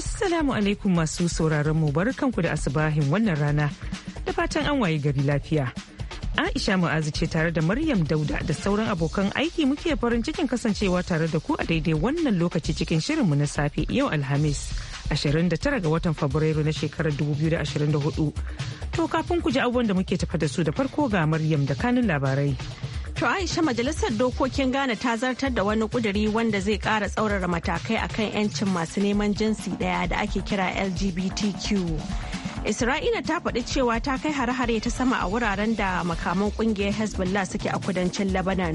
Assalamu alaikum masu sauraron mu barkanku da asubahin wannan rana da fatan an waye gari lafiya. Aisha Mu'azu ce tare da Maryam Dauda da sauran abokan aiki muke farin cikin kasancewa tare da ku a daidai wannan lokaci cikin shirinmu na safe yau Alhamis 29 ga watan Fabrairu na shekarar 2024. To kafin ku ji abubuwan da muke tafa da su da farko ga Maryam da kanin labarai. To Aisha Majalisar Dokokin Ghana ta zartar da wani kuduri wanda zai kara tsaurara matakai akan 'yancin masu neman jinsi ɗaya da ake kira LGBTQ. Isra'ila ta faɗi cewa ta kai hare-hare ta sama a wuraren da makaman ƙungiyar Hezbollah suke a kudancin Lebanon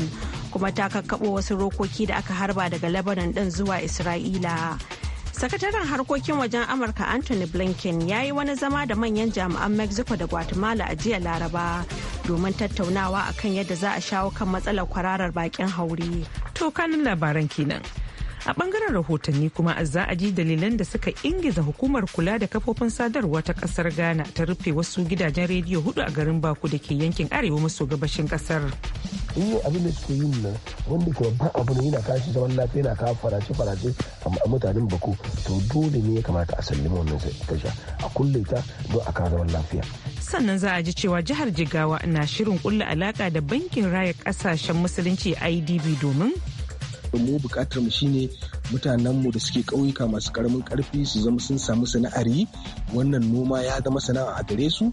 kuma ta kakkaɓo wasu rokoki da aka harba daga Lebanon ɗin zuwa Isra'ila. Sakataren harkokin wajen Amurka Anthony Blinken ya yi wani zama da manyan jami'an Mexico da Guatemala a jiya Laraba. domin tattaunawa akan yadda za a shawo kan matsalar kwararar bakin haure. To kanin labaran kenan. a bangaren rahotanni kuma a za a ji dalilan da suka ingiza hukumar kula da kafofin sadarwa ta kasar ghana ta rufe wasu gidajen rediyo hudu a garin baku da ke yankin arewa maso gabashin kasar in eh, abin da suke yin nan wanda ke babban abu ne yana kashi zaman lafiya yana kawo farace farace a mutanen baku to dole ne ya kamata a sallama wannan tasha a kulle ta don a kawo zaman lafiya sannan za a ji cewa jihar jigawa na shirin kulle alaka da bankin raya kasashen musulunci idb domin mu bukatar mu shine mutanen mu da suke ƙauyuka masu karamin karfi su zama sun samu sana'ar yi wannan noma ya zama sana'a a gare su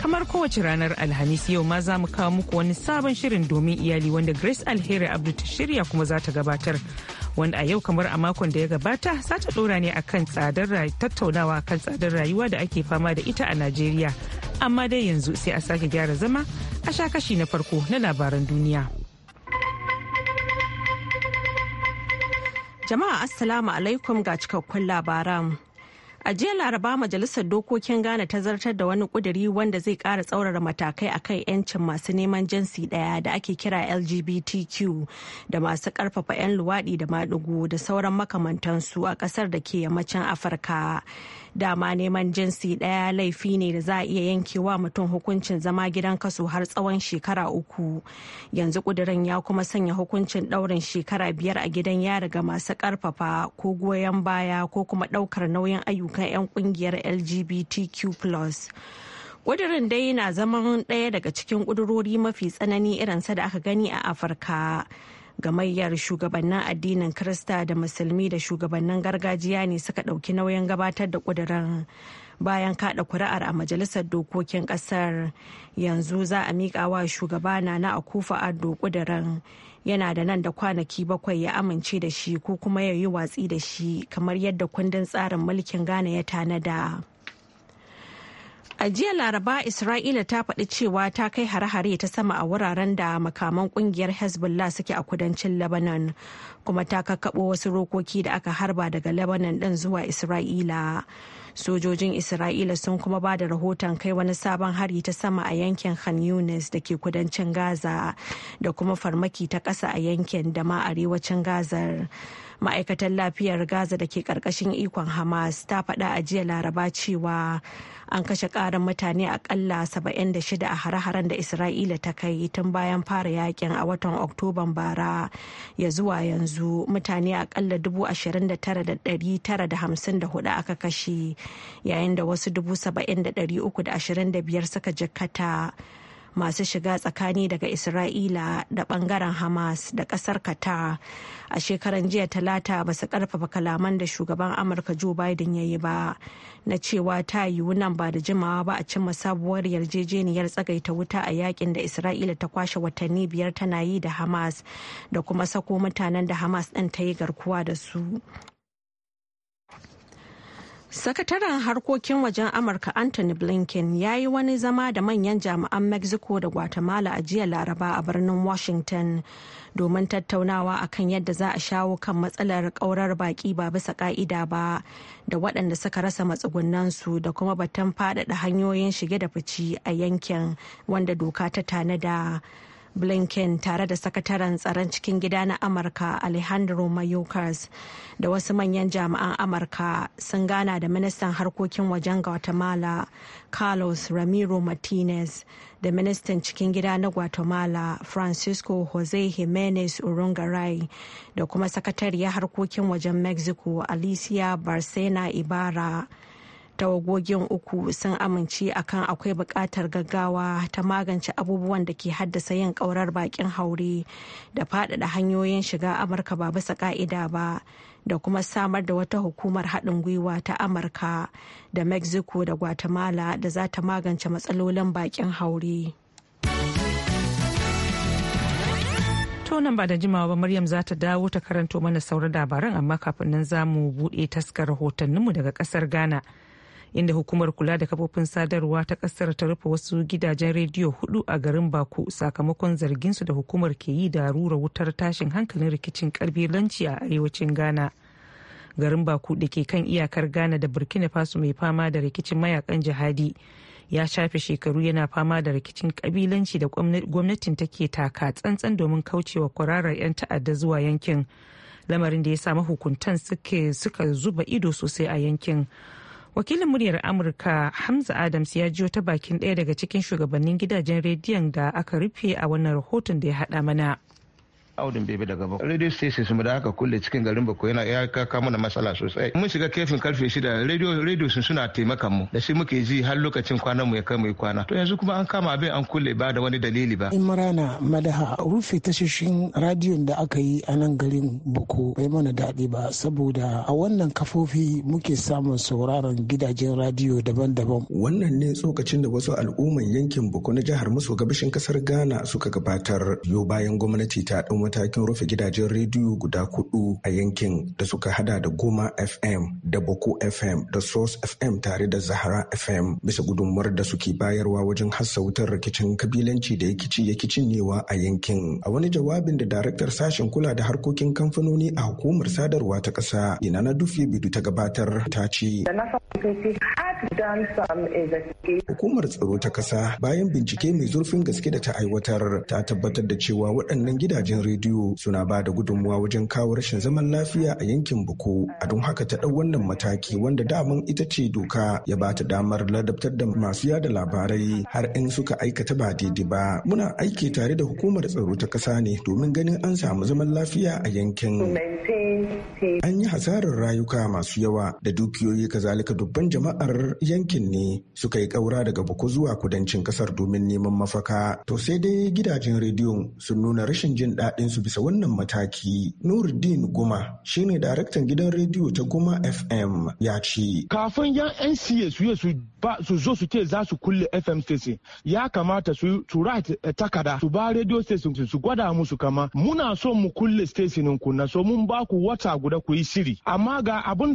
kamar kowace ranar alhamis yau ma za mu kawo muku wani sabon shirin domin iyali wanda grace alheri abdu ta shirya kuma za ta gabatar wanda a yau kamar a makon da ya gabata za ta dora ne akan tsadar tattaunawa akan tsadar rayuwa da ake fama da ita a najeriya amma dai yanzu sai a sake gyara zama a sha kashi na farko na labaran duniya. Jama'a Assalamu alaikum ga cikakkun labaran. A jiya Laraba Majalisar Dokokin Ghana ta zartar da wani kuduri wanda zai ƙara tsaurara matakai akan 'yancin masu neman jinsi ɗaya da ake kira LGBTQ da masu ƙarfafa 'yan luwaɗi da maɗigo da sauran makamantansu a ƙasar da ke yammacin Afirka. dama neman jinsi ɗaya laifi ne da za a iya yanke wa mutum hukuncin zama gidan kaso har tsawon shekara uku yanzu kudirin ya kuma sanya hukuncin ɗaurin shekara biyar a gidan yari ga masu ƙarfafa ko goyon baya ko kuma ɗaukar nauyin ayyukan 'yan ƙungiyar lgbtq ƙudurin dai na zaman ɗaya daga cikin ƙudurori mafi tsanani irinsa da aka gani a afirka gamayyar shugabannin addinin Krista da Musulmi da shugabannin gargajiya ne suka ɗauki nauyin gabatar da ƙuduran. bayan kaɗa kuri'ar a majalisar dokokin ƙasar yanzu za a miƙa wa shugaba na akufa addo ƙuduran. yana da nan da kwanaki bakwai ya amince da shi ko kuma ya yi watsi da shi kamar yadda kundin tsarin mulkin ghana ya tanada. A jiya Laraba Isra'ila ta faɗi cewa ta kai hare-hare ta sama a wuraren da makaman kungiyar Hezbollah suke a kudancin Lebanon kuma ta kakkaɓo wasu rokoki da aka harba daga Lebanon ɗin zuwa Isra'ila. Sojojin Isra'ila sun kuma ba da rahoton kai wani sabon hari ta sama a yankin Khan Yunis da ke kudancin Gaza da kuma farmaki ta ƙasa a yankin da ma arewacin Gazar. Ma'aikatan lafiyar gaza da ke karkashin ikon hamas ta faɗa a jiya laraba cewa an kashe ƙarin mutane akalla 76 a hare-haren da isra'ila ta kai tun bayan fara yakin a watan oktoban bara ya zuwa yanzu mutane akalla 29,954 aka kashe yayin da wasu biyar suka jikkata masu shiga tsakani daga isra'ila da bangaren hamas da kasar qatar a shekaran jiya talata ba su karfafa kalaman da shugaban amurka joe biden ya yi ba na cewa ta yiwu nan ba da jimawa ba a cimma sabuwar yarjejeniyar tsagaita wuta a yakin da isra'ila ta kwashe watanni biyar tana yi da hamas da kuma sako mutanen da hamas ɗin ta yi garkuwa da su Sakataren harkokin wajen Amurka Anthony Blinken ya yi wani zama da manyan jami'an Mexico da Guatemala a jiya Laraba a birnin Washington domin tattaunawa a kan yadda za a shawo kan matsalar kaurar baki ba bisa ka'ida ba da waɗanda suka rasa matsugunansu da kuma batun faɗaɗa hanyoyin shige da fici a yankin wanda doka ta tanada. blinken tare da sakataren tsaron cikin gida na amurka alejandro mayorkas da wasu manyan jami'an amurka sun gana da ministan harkokin wajen guatemala carlos ramiro martinez da ministan cikin gida na guatemala francisco jose jimenez urungaray da kuma sakatariyar harkokin wajen mexico alicia barcena ibarra tawagogin uku sun amince akan akwai buƙatar gaggawa ta magance abubuwan da ke haddasa yin ƙaurar bakin haure da faɗaɗa hanyoyin shiga amurka ba bisa ƙa'ida ba da kuma samar da wata hukumar haɗin gwiwa ta amurka da mexico da guatemala da za ta magance matsalolin bakin haure. to nan ba da jimawa ba Maryam za ta dawo ta karanto mana sauran labaran amma kafin nan za mu buɗe taskar rahotanninmu daga ƙasar Ghana. inda hukumar kula da kafofin sadarwa ta kasar ta rufe wasu gidajen rediyo hudu a garin baku sakamakon zarginsu da hukumar ke yi da rura wutar tashin hankalin rikicin karbilanci a arewacin ghana garin baku da ke kan iyakar ghana da burkina faso mai fama da rikicin mayakan jihadi ya shafe shekaru yana fama da rikicin kabilanci da gwamnatin take taka tsantsan domin kaucewa kwararar 'yan ta'adda zuwa yankin lamarin da ya sa mahukuntan suka zuba ido sosai a yankin wakilin muryar amurka hamza adams ya jiyo ta bakin daya daga cikin shugabannin gidajen rediyon da aka rufe a wannan rahoton da ya haɗa mana audin bebe daga ba radio stations mu da aka kulle cikin garin bako yana ya kaka mana matsala sosai mun shiga kefin karfe shida radio radio sun suna taimakan mu da shi muke ji har lokacin kwanan mu ya kai mu kwana to yanzu kuma an kama abin an kulle ba da wani dalili ba in imrana madaha rufe tashoshin radiyon da aka yi a nan garin bako bai mana daɗi ba saboda a wannan kafofi muke samun sauraron gidajen radiyo daban-daban wannan ne tsokacin da wasu al'umman yankin bako na jihar maso gabashin kasar ghana suka gabatar yau bayan gwamnati ta ɗan matakin rufe gidajen rediyo guda kudu a yankin da suka hada da Goma FM da Boko FM da Sos FM tare da Zahara FM bisa gudunmuwar da suke bayarwa wajen hassa wutar rikicin kabilanci da yakici yakicin newa a yankin. A wani jawabin da daraktar sashen kula da harkokin kamfanoni a hukumar sadarwa ta ƙasa Inana dufe Bidu ta gabatar ta ce. Hukumar tsaro ta ƙasa bayan bincike mai zurfin gaske da ta aiwatar ta tabbatar da cewa waɗannan gidajen rediyo suna ba da gudunmuwa wajen kawo rashin zaman lafiya a yankin Buku. A don haka ta ɗau wannan mataki wanda daman ita ce doka ya ba ta damar ladabtar da masu yada labarai har in suka aikata ba daidai ba. Muna aiki tare da hukumar tsaro ta ƙasa ne domin ganin an samu zaman lafiya a yankin. An yi hasarar rayuka masu yawa da dukiyoyi kazalika dubban jama'ar yankin ne suka yi ƙaura daga Boko zuwa kudancin kasar domin neman mafaka. To sai dai gidajen rediyon sun nuna rashin jin daɗin su bisa wannan mataki. Nuruddin Guma shine daraktan gidan rediyo ta Guma FM ya ce. Kafin yan NCA su su su zo su ce za su kulle FM station ya kamata su su takada su ba radio station su gwada musu kama muna so mu kulle station ku na so mun ba ku wata wata guda ku yi shiri amma ga abin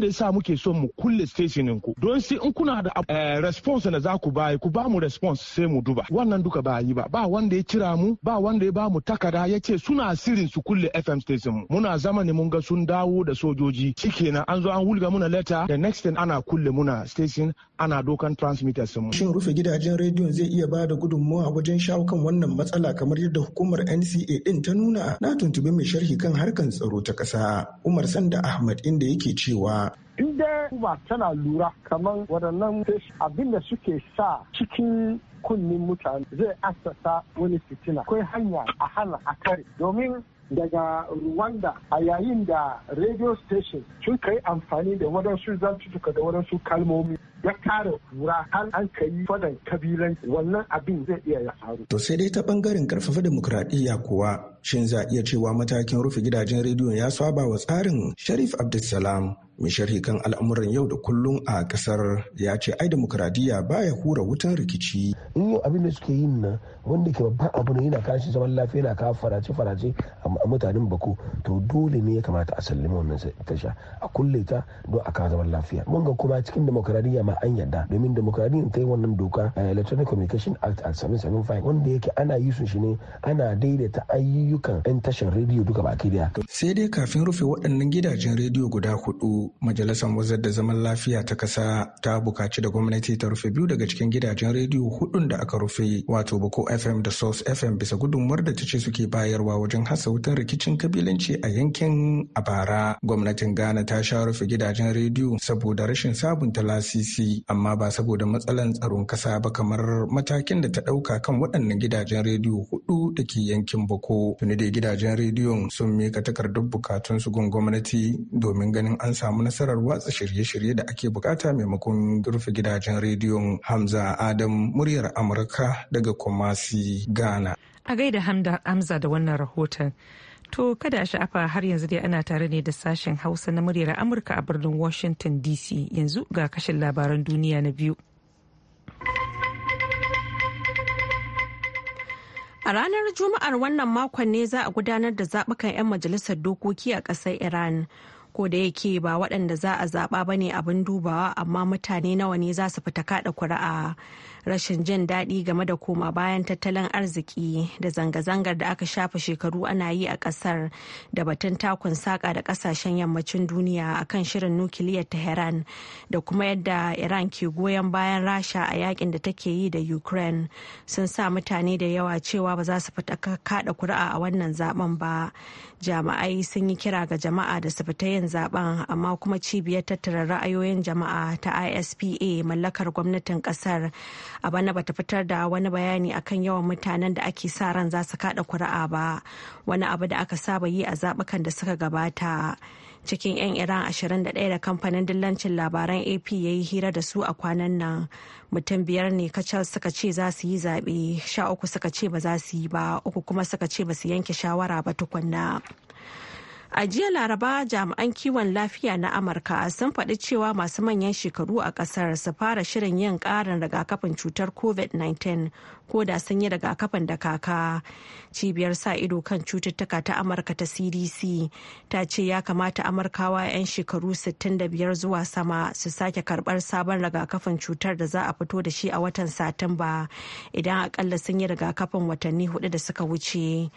da yasa muke son mu kulle stationin ku don sai in kuna da eh, response da za ku bayi ku ba mu response sai mu duba wannan duka ba yi ba ba wanda ya kira mu ba wanda ya ba mu takada ya ce suna sirin su kulle FM station mu muna zama ne mun ga sun dawo da sojoji shikenan an zo an wulga muna letter the next thing ana kulle muna station ana dokan transmitter mu shin rufe gidajen rediyon zai iya ba da gudunmawa wajen shawo kan wannan matsala kamar yadda hukumar NCA din ta nuna na tuntubi mai sharhi kan harkan tsaro ta ƙasa Umar Sanda Ahmad inda yake cewa in uba tana lura kamar waɗannan abin da suke sa cikin kunnin mutane zai asasa wani fitina akwai hanya a hana a kare domin daga Rwanda a yayin da radio station sun kai amfani da waɗansu zantutuka da waɗansu kalmomi ya kare kura har an kai fadan kabilan wannan abin zai iya ya faru. To sai dai ta ɓangaren ƙarfafa demokuraɗiyya kuwa shin za a iya cewa matakin rufe gidajen rediyon ya saba wa tsarin sharif abdulsalam mai sharhi kan al'amuran yau da kullum a kasar ya ce ai demokradiyya baya hura wutan rikici in abin da suke yin na wanda ke babban abu ne yana kashi zaman lafiya yana kawo farace farace a mutanen bako to dole ne ya kamata a sallama wannan tasha a kulle ta don a kawo zaman lafiya mun ga kuma cikin demokradiyya ma an yarda domin demokradiyya ta yi wannan doka eh, electronic communication act 775 wanda yake ana yi su shi ne ana daidaita ayyuka ayyukan 'yan tashar rediyo duka baki daya. sai dai kafin rufe waɗannan gidajen rediyo guda hudu majalisar wazar da zaman lafiya ta kasa ta buƙaci da gwamnati ta rufe biyu daga cikin gidajen rediyo hudun da aka rufe wato bako fm da source fm bisa gudunmuwar da ta ce suke bayarwa wajen hasa wutar rikicin kabilanci a yankin a bara gwamnatin ghana ta sha rufe gidajen rediyo saboda rashin sabunta lasisi amma ba saboda matsalan tsaron kasa ba kamar matakin da ta ɗauka kan waɗannan gidajen rediyo hudu da ke yankin bako tuni da gidajen rediyon sun mika takardar bukatun su gun gwamnati domin ganin an samu nasarar watsa shirye-shirye da ake bukata maimakon rufe gidajen rediyon hamza adam muryar amurka daga kumasi ghana a gaida hamza da wannan rahoton To kada a sha'afa har yanzu dai ana tare ne da sashen Hausa na muryar Amurka a birnin Washington DC yanzu ga kashin labaran duniya na biyu. A ranar Juma'ar wannan makon ne za a gudanar da zaɓukan 'yan majalisar dokoki a ƙasar Iran. Ko da yake ba waɗanda za a zaɓa ba ne abin dubawa amma mutane nawa ne za su fita kaɗa kuri'a. rashin jin daɗi game da koma bayan tattalin arziki da zanga-zangar da aka shafa shekaru ana yi a ƙasar da batun takun saƙa da ƙasashen yammacin duniya a kan shirin nukiliyar Tehran da kuma yadda Iran ke goyon bayan Rasha a yakin da take yi da Ukraine sun sa mutane da yawa cewa ba za su fita kaɗa kuri'a a wannan zaben ba. Jami'ai sun yi kira ga jama'a da su fita yin zaben amma kuma cibiyar tattara ra'ayoyin jama'a ta ISPA mallakar gwamnatin ƙasar a bana bata fitar da wani bayani akan yawan mutanen da ake sa ran za su kada kuri'a ba wani abu da aka saba yi a zabukan da suka gabata cikin 'yan iran 21 da kamfanin dillancin labaran ap ya yi hira da su a kwanan nan mutum biyar ne kacal suka ce za su yi zaɓe sha uku suka ce ba za su yi ba uku kuma suka ce ba su yanke shawara ba tukunna. A jiya Laraba jami'an kiwon lafiya na Amurka sun faɗi cewa masu manyan shekaru a ƙasar su fara shirin yin ƙarin rigakafin cutar COVID-19 ko da sun yi rigakafin da kaka. Cibiyar sa ido kan cututtuka ta Amurka ta CDC ta ce ya kamata Amurkawa 'yan shekaru 65 zuwa sama su sake karɓar sabon rigakafin cutar da za a fito da shi a watan Satumba idan akalla sun yi rigakafin watanni hudu da suka wuce.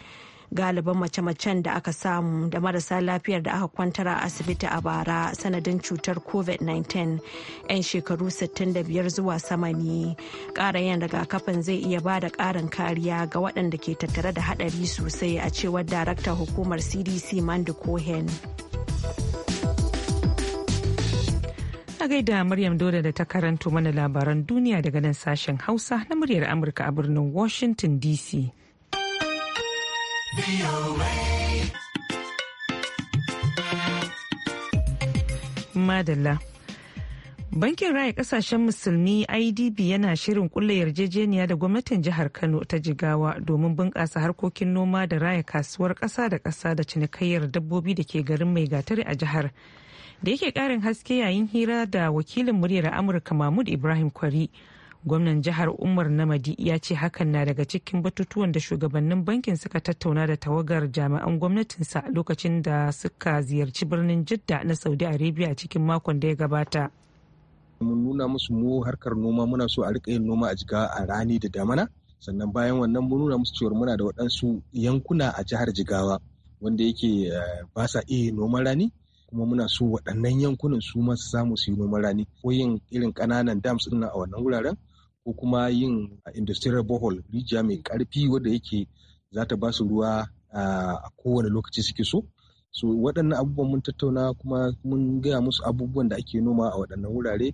galiban mace-macen da aka samu da marasa lafiyar da aka kwantar a asibiti a bara sanadin cutar covid-19 'yan shekaru 65 zuwa sama ne ƙara yin rigakafin zai iya ba da ƙarin kariya ga waɗanda ke tattare da haɗari sosai a cewar darakta hukumar cdc mandu cohen a gaida Maryam Dole da ta karanto mana labaran duniya daga nan sashen Hausa na muryar Amurka a birnin Washington DC. Madalla. Bankin Raya Kasashen Musulmi IDB yana shirin kulle yarjejeniya da gwamnatin jihar Kano ta Jigawa domin bunƙasa harkokin noma da raya kasuwar ƙasa da ƙasa da cinikayyar dabbobi da ke garin mai gatari a jihar. Da yake ƙarin haske yayin hira da wakilin muryar Amurka Mahmud Ibrahim Kwari gwamnan jihar umar namadi ya ce hakan na daga cikin batutuwan da shugabannin bankin suka tattauna da tawagar jami'an gwamnatinsa lokacin da suka ziyarci birnin jidda na saudi arabia cikin makon da ya gabata mun nuna musu mu harkar noma muna so a rika yin noma a jiga a rani da damana sannan bayan wannan mun nuna musu cewar muna da waɗansu yankuna a jihar jigawa wanda yake eh, ba sa iya noman rani kuma muna so waɗannan yankunan su masu samu su yi noman rani ko yin irin ƙananan dams ɗin a wannan wuraren ko kuma yin ah, industrial borehole rijiya mai karfi wadda yake za ta ba su ruwa ah, a kowane lokaci suke so so waɗannan abubuwan mun tattauna kuma mun gaya musu abubuwan da ake noma a waɗannan wurare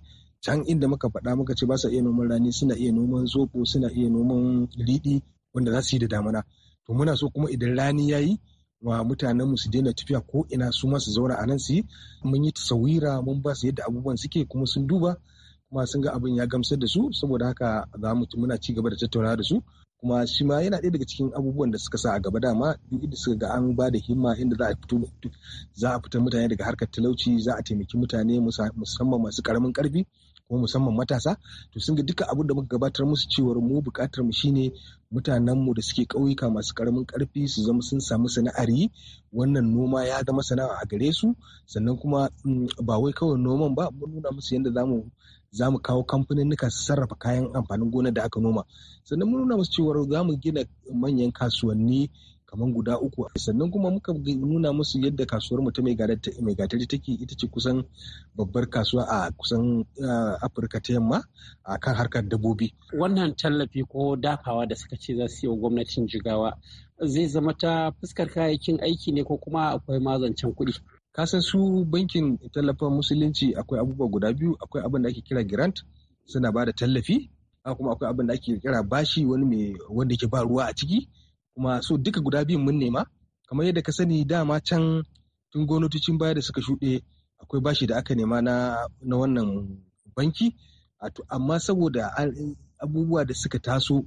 can inda muka faɗa muka ce ba sa iya noman rani suna iya noman zoɓo suna iya noman riɗi wanda za su yi da damana to muna so kuma idan rani ya yi wa mutanen mu su daina tafiya ko ina su ma su zauna a nan su yi mun yi tasawira mun ba su yadda abubuwan suke kuma sun duba kuma sun ga abin ya gamsar da su saboda haka za mu muna ci gaba da tattauna da su kuma shi ma yana ɗaya daga cikin abubuwan da suka sa a gaba dama duk inda suka ga an ba da himma inda za a fito za a fitar mutane daga harkar talauci za a taimaki mutane musamman masu karamin karfi kuma musamman matasa to sun ga duka abun da muka gabatar musu cewar mu buƙatar mu shine mutanen mu da suke ƙauyuka masu karamin karfi su zama sun samu sana'ar yi wannan noma ya zama sana'a a gare su sannan kuma mm, ba wai kawai noman ba mun nuna musu yadda zamu za mu kawo kamfaninnika su sarrafa kayan amfanin gona da aka noma sannan mun nuna musu cewar za mu gina manyan kasuwanni kamar guda uku sannan kuma muka nuna musu yadda kasuwar mu ta mai gatari take ita ce kusan babbar kasuwa a kusan afirka ta yamma a kan harkar dabbobi wannan tallafi ko dakawa da suka ce za su yi wa gwamnatin jigawa zai zama ta fuskar kayayyakin aiki ne ko kuma akwai mazancen kuɗi Ka san su bankin tallafin musulunci akwai abubuwa guda biyu akwai abin da ake kira grant suna ba da tallafi kuma akwai abin da ake kira bashi wani mai wanda ke ba ruwa a ciki kuma so duka guda biyun mun nema kamar yadda ka sani dama can tun gwamnatocin baya da suka shuɗe akwai bashi da aka nema na na wannan banki amma saboda abubuwa da suka taso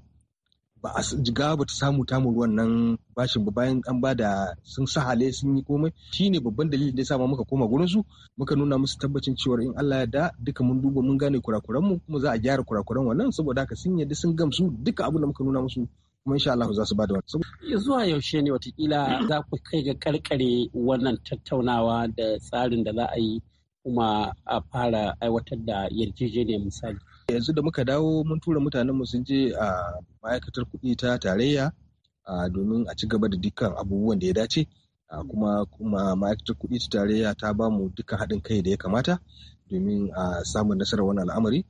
ba a jiga ba ta samu tamu ruwan nan bashin ba bayan an ba da sun sa sun yi komai shine babban dalilin da ya sa muka koma gurin su muka nuna musu tabbacin cewa in Allah ya da duka mun duba mun gane kurakuran mu kuma za a gyara kurakuran wannan saboda haka sun yadda sun gamsu duka abin da muka nuna musu kuma insha Allah za su ba da wani. Zuwa yaushe ne watakila za ku kai ga karkare wannan tattaunawa da tsarin da za a yi kuma a fara aiwatar da yarjejeniyar misali. yanzu da muka dawo mun tura mu sun je a ma'aikatar kuɗi ta tarayya domin a ci gaba da dukkan abubuwan da ya dace kuma kuma ma'aikatar kuɗi ta tarayya ta ba mu dukkan haɗin kai da ya kamata domin a samun nasarar wannan al'amari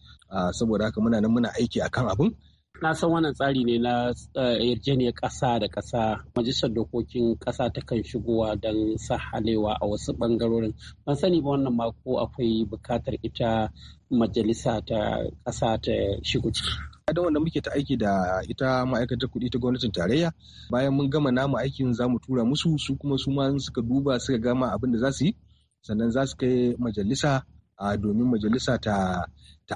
saboda haka muna nan muna aiki akan abun na san wannan tsari ne na eh, yarjejeniyar ƙasa da ƙasa majalisar dokokin ƙasa ta kan shigowa don sahalewa a wasu ɓangarorin ban sani ba wannan mako akwai buƙatar ita majalisa ta ƙasa ta shigo ciki da wanda muke ta aiki da ita ma'aikatar kuɗi ta gwamnatin tarayya bayan mun gama namu aikin za mu tura musu su kuma su ma suka duba suka gama abin da za su yi sannan za su kai majalisa domin majalisa ta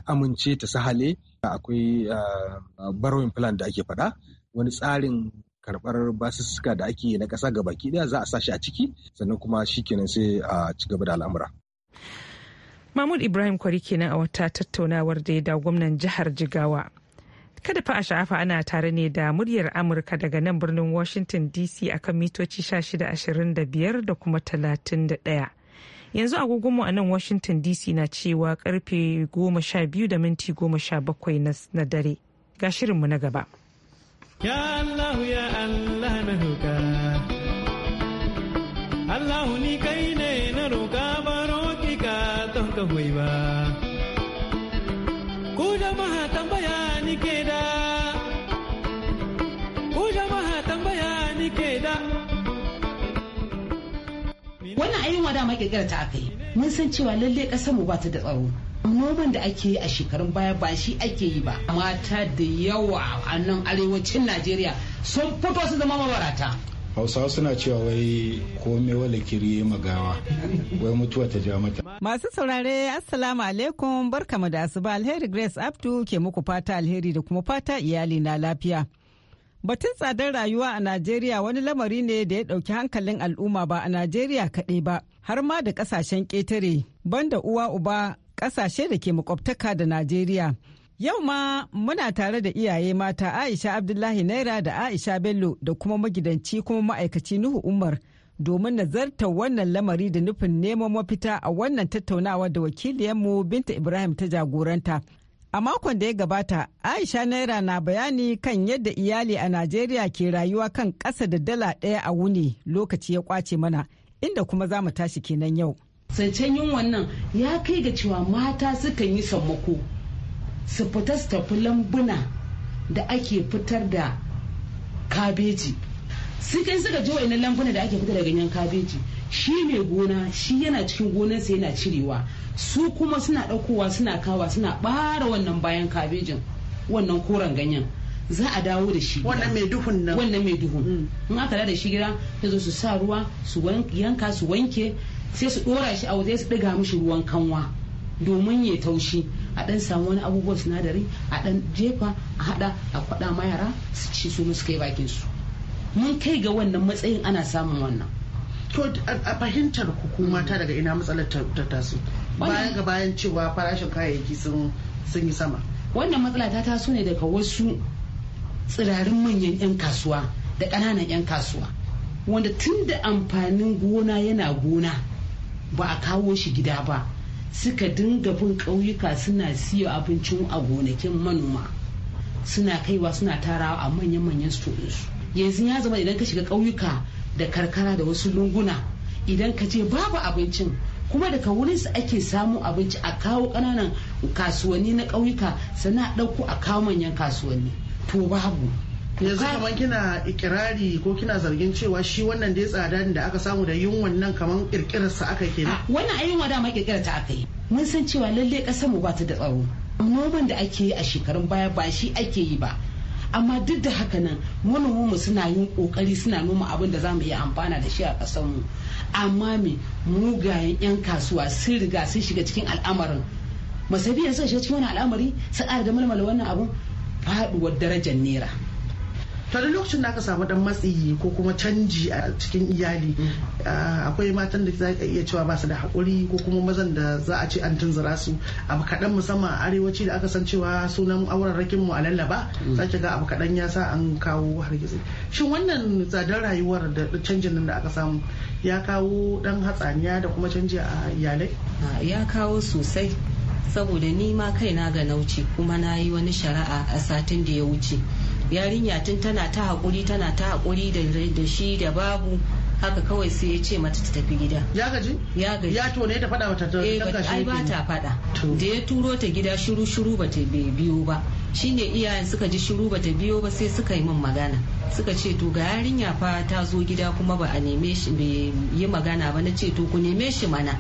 amince ta sahale akwai ah, borrowing plan da ake faɗa wani tsarin karɓar basussuka da ake na ƙasa ga baki ɗaya za a sashi a ciki sannan kuma shikenan sai a ci gaba da al'amura. Mahmud Ibrahim Kwari kenan a wata tattaunawar da ya da gwamnan jihar Jigawa. Kada fa a sha'afa ana tare ne da muryar Amurka daga nan birnin Washington DC akan mitoci ashirin da kuma ɗaya. yanzu agogonmu a nan washington dc na cewa karfe 12 da minti 17 na dare ga shirinmu na gaba ya allah ya allah na roka allah ni kai ne na roka baro ki ka don ka ba yunwa dama kirkira ta aka yi mun san cewa lalle kasar mu bata da tsaro noman da ake yi a shekarun baya ba shi ake yi ba mata da yawa a nan arewacin najeriya sun fito su zama mabarata hausawa suna cewa wai komai wala kiri magawa wai mutuwa ta ja mata masu saurare assalamu alaikum barkamu da asuba alheri grace abdu ke muku fata alheri da kuma fata iyali na lafiya Batun tsadar rayuwa a Najeriya wani lamari ne da ya dauki hankalin al'umma ba a Najeriya kaɗai ba, har ma da kasashen ƙetare banda uwa uba ƙasashe da ke makwabtaka da Najeriya. Yau ma muna tare da iyaye mata Aisha Abdullahi Naira da Aisha Bello da kuma magidanci kuma ma'aikaci Nuhu Umar domin nazartar wannan lamari da nufin neman mafita a wannan tattaunawa da wakiliyanmu Binta Ibrahim ta jagoranta. A makon da ya gabata, Aisha Naira na bayani kan yadda iyali a Najeriya ke rayuwa kan ƙasa da dala ɗaya a wuni lokaci ya kwace mana. inda kuma za mu tashi kenan yau. Zancen yunwan nan ya kai ga cewa mata sukan yi sammako su fita su tafi lambuna da ake fitar da kabeji. Sukan suka ji wa'in lambuna da ake fitar da ganyen kabeji. Shi mai gona shi yana cikin gonarsa yana cirewa su kuma suna ɗaukowa suna kawa suna ɓara wannan bayan kabejin wannan koren ganyen. za a dawo da shi wannan mai duhun nan wannan mai duhun mm. in aka da shi gida ta zo su sa ruwa su yanka su wanke sai su dora shi a waje su diga mishi ruwan kanwa domin ya taushi a dan samu wani abubuwan sinadari a dan jefa a hada a kwada ma yara su ci su musu kai bakin su mun kai ga wannan matsayin ana samun wannan to a fahimtar hukuma mm. ta daga ina matsalar ta taso bayan ga bayan cewa farashin kayayyaki sun yi sama wannan matsala ta taso ne daga wasu tsirarin manyan 'yan kasuwa da ƙananan 'yan kasuwa wanda tun da amfanin gona yana gona ba a kawo shi gida ba suka dinga bin ƙauyuka suna siya abincin a gonakin manoma suna kaiwa suna tarawa a manyan-manyan su yanzu ya zama idan ka shiga ƙauyuka da karkara da wasu lunguna idan ka je babu abincin kuma daga wurin su ake samu abinci a kawo ƙananan kasuwanni na ƙauyuka sana ɗauko a kawo manyan kasuwanni to babu yanzu kamar kina ikirari ko kina zargin cewa shi wannan dai tsada da aka samu da yunwan nan kamar kirkirarsa aka ke wannan ayi yunwa dama kirkirar ta aka yi mun san cewa lalle kasar mu bata da tsaro noman da ake yi a shekarun baya ba shi ake yi ba amma duk da haka nan manomanmu suna yin kokari suna noma abin da za mu iya amfana da shi a kasar mu amma me mugayen yan kasuwa sun riga sun shiga cikin al'amarin masabiya sun shiga cikin wannan al'amari su ƙara da malmala wannan abun faduwar darajar nera to da lokacin da aka samu dan matsi ko kuma canji a cikin iyali mm. ah, akwai matan da za ka iya cewa ba su da haƙuri ko kuma mazan da za a ce an tunzura su abu kaɗan musamman a arewaci da aka san cewa sunan auren rakin mu a lallaba mm. za ga abu kaɗan ya sa an kawo hargitsi shin wannan tsadar rayuwar da canjin nan da aka samu ya kawo dan hatsaniya da kuma canji a iyalai ah, ya kawo sosai saboda ni ma kaina ga nauci kuma na yi wani shari'a a satin da ya wuce yarinya tun tana ta haƙuri tana ta haƙuri da shi da babu haka kawai sai ya ce mata ta tafi gida ya gaji ya gaji ya to ne ta mata ta eh, shi ai ba ta fada da ya turo ta gida shiru shiru ba ta biyo ba shine iyayen suka ji shiru ba ta biyo ba sai suka yi min magana suka ce to ga yarinya fa ta zo gida kuma ba a neme shi yi magana ba na ce to ku neme shi mana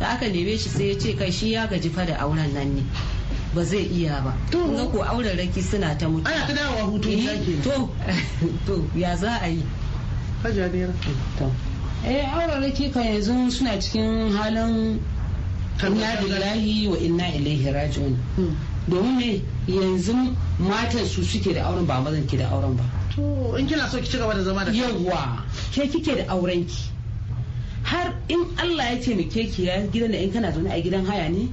da aka neme shi sai ya ce kai shi ya gaji fa da auren nan ne ba zai iya ba kun ga ko auren raki suna ta mutu ana ta dawowa hutu eh, to to ya za a yi to eh auren raki kan yanzu suna cikin halin inna lillahi wa inna ilaihi raji'un hmm. domin ne yanzu matan su suke da auren ba mazan ke da auren ba to in kina so ki ci gaba da zama da yawa ke kike da auren ki in Allah ya taimake ki ya gidan da in kana zaune a gidan haya ne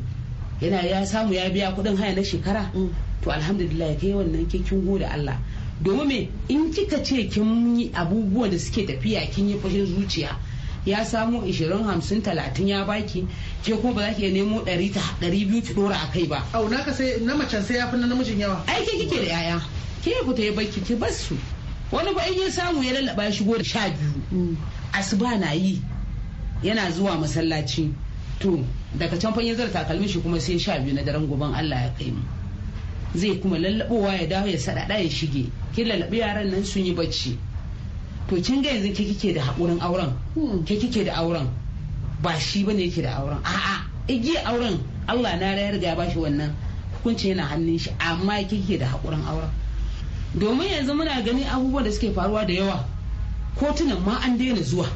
yana ya samu ya biya kuɗin haya na shekara mm. to alhamdulillah kai wannan kekin gode Allah domin me in kika ce kin yi abubuwan da suke tafiya kin yi fashin zuciya ya samu 20 hamsin talatin ya baki ke kuma ba za ki nemo 200 ki dora a kai ba au naka sai na macen sai ya fi na namijin yawa aiki kike da yaya ke ku ta yi baki ki bar su wani ba in ya samu ya lallaba shigo da sha biyu mm. asuba na yi yana zuwa masallaci to daga can fa ya takalmi takalmin shi kuma sai sha biyu na daren goban Allah ya kai mu zai kuma lallabowa ya dawo ya sadada ya shige ki lallabi yaran nan sun yi bacci to kin ga yanzu ke kike da hakurin auren hmm. ke kike da auren ba shi bane yake da auren a'a igiya auren Allah na rayar ga bashi wannan hukunci yana hannun shi amma kike da hakurin auren domin yanzu muna gani abubuwan da suke faruwa da yawa kotunan ma an daina zuwa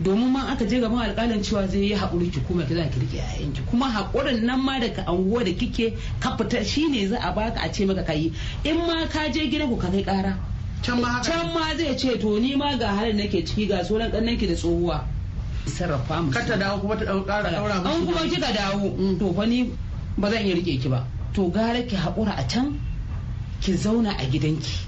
domin ma aka je gaban alƙalin cewa zai yi haƙuri ki kuma ki za ki rike yayan ki kuma haƙurin nan ma daga anguwa da kike ka fita shine za a baka a ce maka kayi in ma ka je gidanku ka kai ƙara can ma zai ce to ni ma ga halin nake ciki ga sauran nanki da tsohuwa sarrafa mu kata dawo kuma ta ƙara ɗaura mu an kuma kika dawo mm. to fa ni ba zan iya rike ki ba to gara ki haƙura a can ki zauna a gidanki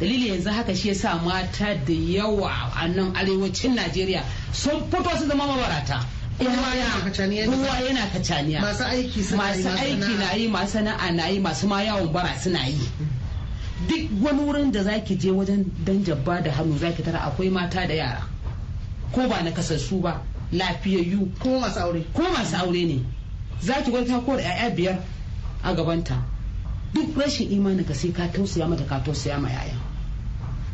dalili yanzu haka shi yasa mata da yawa a nan arewacin najeriya sun fito su zama mabarata kowa yana kacaniya masu aiki na yi masu sana'a na yi masu ma yawon bara suna yi duk wani wurin da za ki je wajen dan jabba da hannu za ki tara akwai mata da yara ko ba na kasassu ba lafiyayyu ko masu aure ko masu aure ne zaki gwanta ta kora 'ya'ya biyar a gabanta duk rashin imanin ka sai ka tausaya mata ka tausaya ma yaya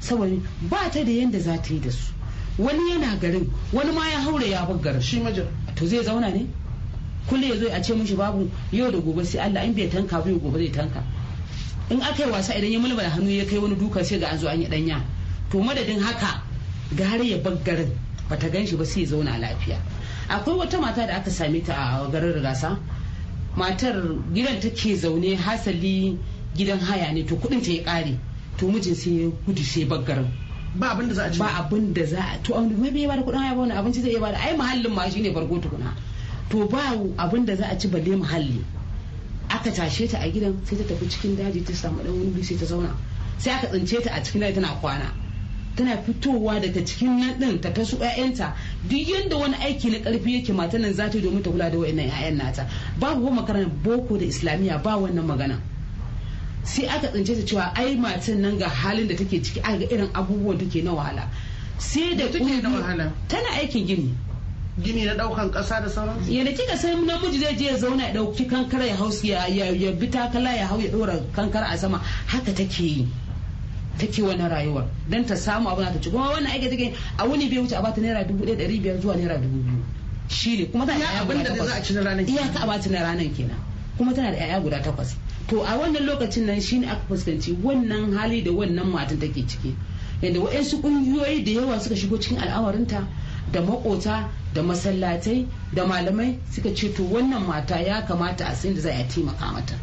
saboda ba ta da yadda za ta yi da su wani yana garin wani ma ya haure ya bar garin shi major to zai zauna ne kullum ya zo a ce mishi babu yau da gobe sai Allah in bai tanka ba gobe zai tanka in aka yi wasa idan ya mulmula hannu ya kai wani duka sai ga an zo an yi danya to madadin haka gare ya bar garin ta gan shi ba sai ya zauna lafiya akwai wata mata da aka same ta a garin rigasa matar gidan take zaune hasali gidan haya ne to kudin ta ya kare to mijin sai ya gudu sai baggaran ba abin da za a ci ba abin da za a to mai bai bada kudin haya ba wani abinci zai iya bada ai muhallin ma shine farko tukuna to ba abin da za a ci balle muhalli aka tashe ta a gidan sai ta tafi cikin daji ta samu dan wani sai ta zauna sai aka tsince ta a cikin daji tana kwana tana fitowa daga cikin nan din ta kasu ƴaƴanta duk yanda wani aiki na karfi yake matan nan za ta domin ta kula da wayannan ƴaƴan nata babu ko makarantar boko da islamiyya ba wannan magana sai aka tsince ta cewa ai matan nan ga halin da take ciki a ga irin abubuwan take na wahala sai da take na wahala tana aikin gini gini na daukan kasa da sauransu yadda kika san namiji zai je ya zauna ya dauki kankara ya haus ya bi takala ya hau ya dora kankara a sama haka take yi take wani rayuwar don ta samu na ta ci kuma wannan aiki take a wuni bai wuce a bata naira dubu ɗaya ɗari biyar zuwa naira dubu biyu shi ne kuma tana da abin da za a ci na ranar kenan iyaka a bata na ranar kenan kuma tana da 'ya'ya guda takwas to a wannan lokacin nan shi ne aka fuskanci wannan hali da wannan matan take ciki yadda waɗansu ƙungiyoyi da yawa suka shigo cikin al'amarinta da makota da masallatai da malamai suka ce to wannan mata ya kamata a da za a taimaka mata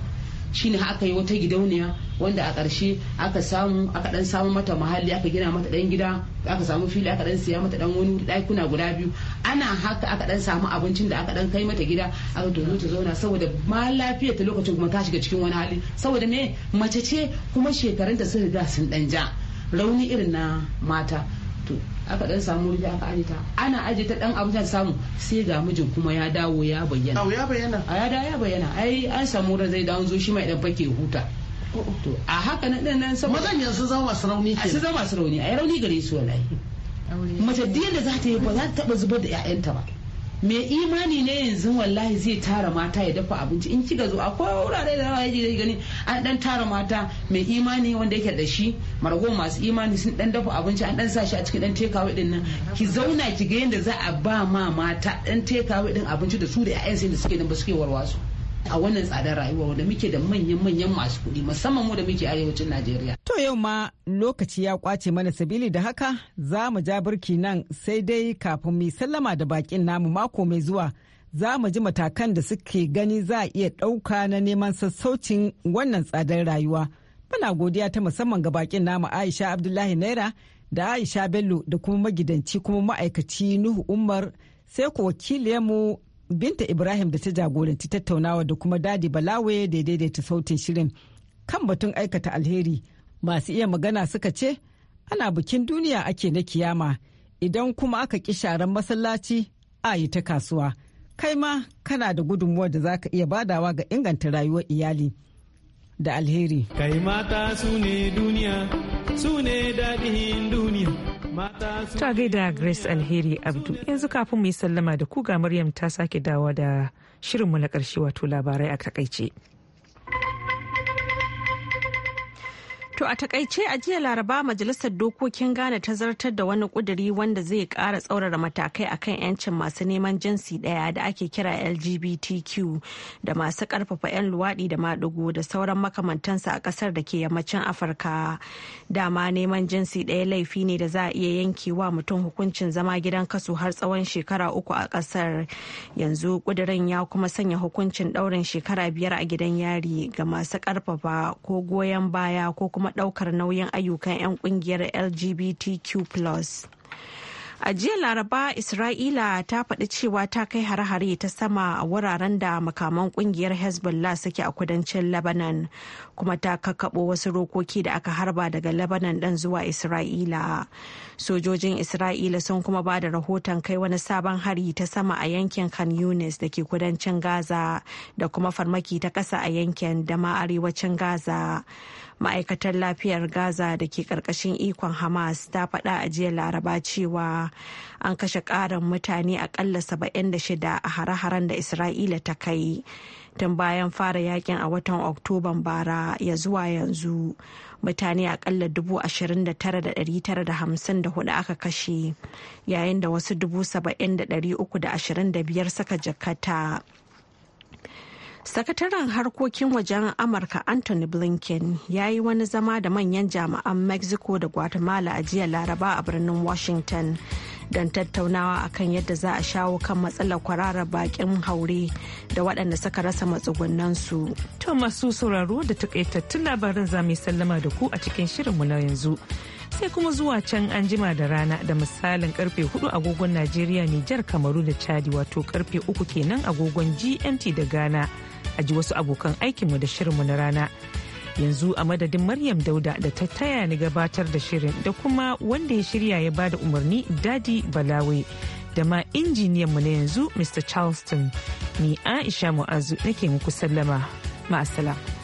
shine aka yi wata gidauniya wanda a ƙarshe aka samu aka dan samu mata muhalli aka gina mata dan gida aka samu fili aka dan siya mata dan wani ɗakuna guda biyu ana haka aka ɗan samu abincin da aka ɗan kai mata gida aka tozo ta zauna saboda ma lafiya ta lokacin kuma ta shiga cikin wani hali saboda me mace ce kuma shekarunta sun riga sun ɗan ja rauni irin na mata aka dan samu rufi aka ajita ana ajita dan abu ta samu sai ga mijin kuma ya dawo ya bayyana ya bayyana a ya dawo ya bayyana ai an samu da zai dawo zo shi mai dan fake huta to a haka nan dan nan saboda mazan yanzu zama masu rauni ke su zama masu rauni ai rauni gare su wallahi mace da za ta yi ba za ta taba zubar da ƴaƴanta ba mai imani ne yanzu wallahi zai tara mata ya dafa abinci in kika zo akwai wurare da yawa da gani an dan tara mata mai imani wanda yake da shi margo masu imani sun dan dafa abinci an dan sa shi a cikin dan tekawe din nan ki zauna ki ga yanda za a ba ma mata dan tekawe din abinci da su da 'ya'yan sai da suke nan ba suke warwasu a wannan tsadar rayuwa wanda muke da manyan-manyan masu kuɗi musamman mu da muke arewacin Najeriya. To yau ma lokaci ya kwace mana sabili da haka za mu ja birki nan sai dai kafin mu sallama da bakin namu mako mai zuwa za mu ji matakan da suke gani za a iya ɗauka na neman sassaucin wannan tsadar rayuwa. Muna godiya ta musamman ga bakin namu Aisha Abdullahi Naira da Aisha Bello da kuma magidanci kuma ma'aikaci Nuhu Umar sai ku wakiliyarmu Binta Ibrahim da ta jagoranci tattaunawa da kuma Dadi Balawe da ya daidaita sautin shirin kan batun aikata alheri masu iya magana suka ce ana bikin duniya ake na kiyama idan kuma aka ki sharan masallaci a yi ta kasuwa kai ma kana da gudunmuwa da za ka iya badawa ga inganta rayuwar iyali. da alheri. Kai mata su ne duniya, su ne daɗin duniya. Ta gaida Grace Alheri Abdu yanzu kafin mu yi sallama da ku ga Maryam ta sake dawo da shirinmu na ƙarshe wato labarai a takaice. To a takaice a jiya laraba majalisar dokokin Ghana ta zartar da wani kuduri wanda zai kara tsaurara matakai a kan 'yancin masu neman jinsi daya da ake kira LGBTQ da masu karfafa 'yan luwaɗi da maɗigo da sauran makamantansa a ƙasar da ke yammacin Afirka. Dama neman jinsi daya laifi ne da za a iya yanke wa mutum hukuncin zama gidan kasu har tsawon shekara uku a ƙasar. Yanzu kudirin ya kuma sanya hukuncin ɗaurin shekara biyar a gidan yari ga masu karfafa ko goyon baya ko kuma kuma ɗaukar nauyin ayyukan 'yan ƙungiyar LGBTQ+. A jiya Laraba Isra'ila ta faɗi cewa ta kai hare-hare ta sama a wuraren da makaman kungiyar Hezbollah suke a kudancin Lebanon kuma ta kakkaɓo wasu rokoki da aka harba daga Lebanon ɗan zuwa Isra'ila. Sojojin Isra'ila sun kuma ba da rahoton kai wani sabon hari ta sama a yankin Khan Yunis da ke kudancin Gaza da kuma farmaki ta ƙasa a yankin da ma arewacin Gaza. ma'aikatar lafiyar gaza da ke karkashin ikon hamas ta faɗa a jiya laraba cewa an kashe ƙarin mutane aƙalla 76 a hare-haren da isra'ila ta kai tun bayan fara yakin a watan oktoban bara ya zuwa yanzu mutane akalla 29,954 aka kashe yayin da wasu biyar suka jakata. sakataren harkokin wajen amurka anthony blinken ya yi wani zama da manyan jami'an mexico da guatemala a jiya laraba a birnin washington don tattaunawa akan yadda za a shawo kan matsalar kwararar bakin haure da waɗanda suka rasa matsugunansu. To masu sauraro da takaitattun labarin za mu sallama da ku a cikin shirinmu na yanzu. Sai kuma zuwa can an jima da rana da misalin karfe 4 agogon Najeriya, Nijar, Kamaru da Chadi wato karfe 3 kenan agogon GMT da Ghana. a ji wasu abokan aikinmu da shirinmu na rana. Yanzu a madadin Maryam Dauda da ta taya ni gabatar da shirin da kuma wanda ya shirya ya bada umarni Dadi Balawe da ma injiniyanmu na yanzu Mr. Charleston. Ni Aisha Mu'azu nake muku sallama. Ma'asala.